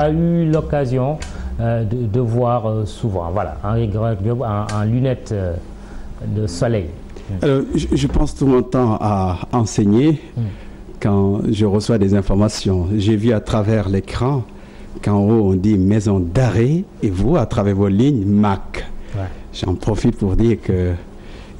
a eu l'occasion euh, de, voir euh, souvent. Voilà, en, lunettes euh, de soleil. je, pense tout mon temps à enseigner hmm. quand je reçois des informations. J'ai vu à travers l'écran qu'en haut on dit maison d'arrêt et vous à travers vos lignes MAC. J'en profite pour dire que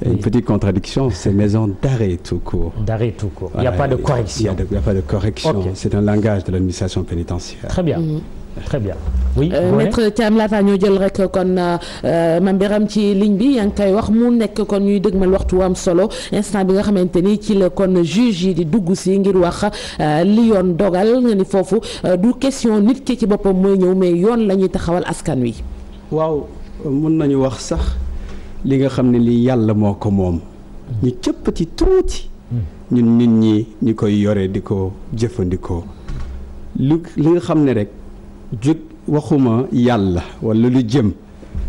une petite contradiction, c'est maison d'arrêt tout court. D'arrêt tout court. il n'y a pas de correction. Il n'y a, pas de correction. C'est un langage de l'administration pénitentiaire. Très bien. Mm. très bien oui euh, maître Thiam laata ñoo jël rek kon euh, Mame Birame ci ligne bi yaa ngi koy wax mu nekk kon ñuy dëgmal waxtu wu am solo instant bi nga xamante ni ci la kon juge yi di dugg si ngir wax euh, li yoon dogal nga ni foofu du question nit ki ci boppam mooy ñëw mais yoon la taxawal askan wi. waaw mun nañu wax sax. li nga xam ne lii yàlla moo ko moom ñu cëppati tuuti ñun nit ñi ñu koy yore di ko jëfandikoo lu li nga xam ne rek jut waxuma yàlla wala lu jëm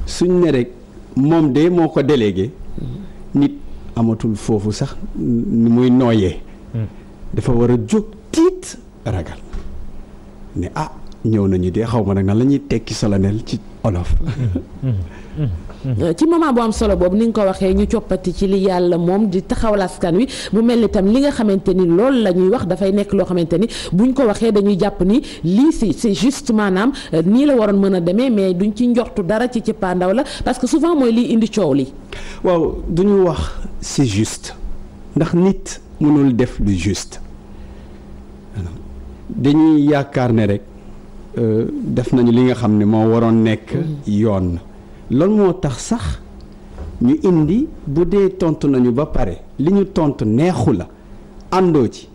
suñ ne rek moom de moo ko délégué nit amatul foofu sax ni muy nooyee hmm. dafa war a jóg tiit ragal ne ah ñëw nañu dee xaw ma nag nan la ñuy tekki solennel ci olof. Euh, ci moment bu am solo boobu ni nga ko waxee ñu coppati ci li yàlla moom di taxawal askan wi bu mel ni tam li nga xamante ni loolu la ñuy wax dafay nekk loo xamante ni buñ ko waxee dañuy jàpp ni lii si c'est juste maanaam euh, nii la waroon mën a demee mais duñ ci njortu dara ci ci pandaw la parce que souvent mooy lii indi coow li waaw duñu wax c'est juste ndax nit mënul def lu juste dañuy yaakaar ne rek. Euh, def nañu li nga xam ne moo waroon nekk yoon loolu moo tax sax ñu indi bu dee tontu nañu ba pare li ñu tontu neexu la àndoo ci